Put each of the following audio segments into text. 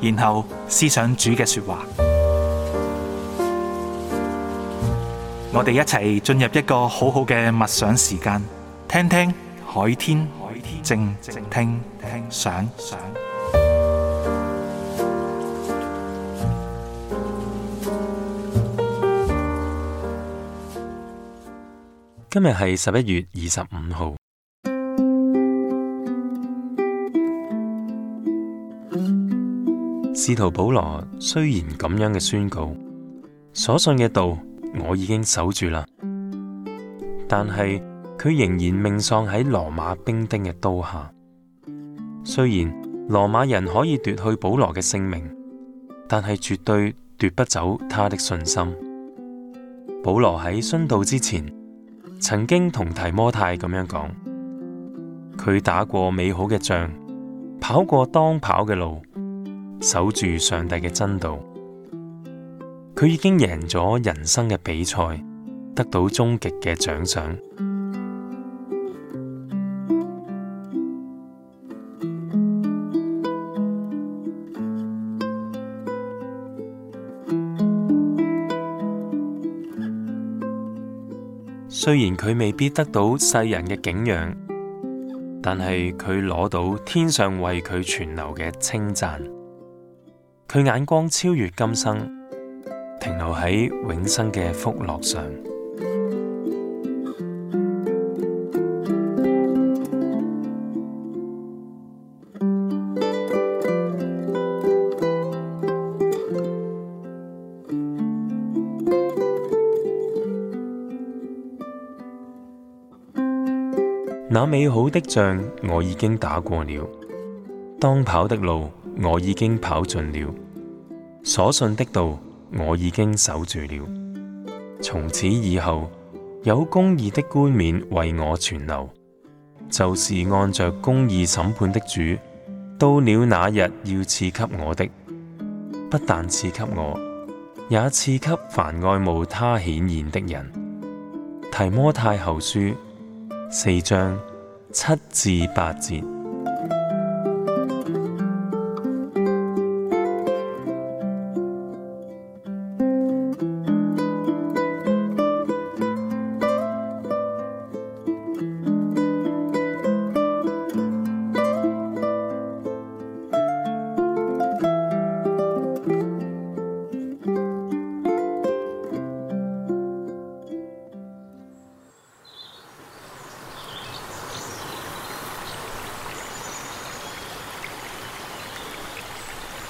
然後思想主嘅說話，我哋一齊進入一個好好嘅默想時間，聽聽海天靜靜聽聽想想。今日係十一月二十五號。使徒保羅雖然咁樣嘅宣告，所信嘅道我已經守住啦，但係佢仍然命喪喺羅馬兵丁嘅刀下。雖然羅馬人可以奪去保羅嘅性命，但係絕對奪不走他的信心。保羅喺殉道之前，曾經同提摩太咁樣講：佢打過美好嘅仗，跑過當跑嘅路。守住上帝嘅真道，佢已經贏咗人生嘅比賽，得到終極嘅獎賞。雖然佢未必得到世人嘅敬仰，但係佢攞到天上為佢存留嘅稱讚。佢眼光超越今生，停留喺永生嘅福樂上。那美好的仗，我已經打過了。當跑的路我已經跑盡了，所信的道我已經守住了。從此以後，有公義的冠冕為我存留，就是按着公義審判的主，到了那日要賜給我的，不但賜給我，也賜給凡愛慕他顯現的人。提摩太後書四章七至八節。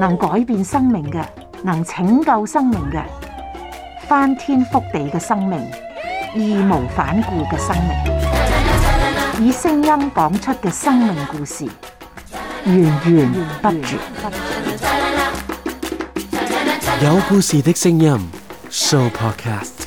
能改變生命嘅，能拯救生命嘅，翻天覆地嘅生命，義無反顧嘅生命，以聲音講出嘅生命故事，源源不絕。有故事的聲音，Sooo Podcast。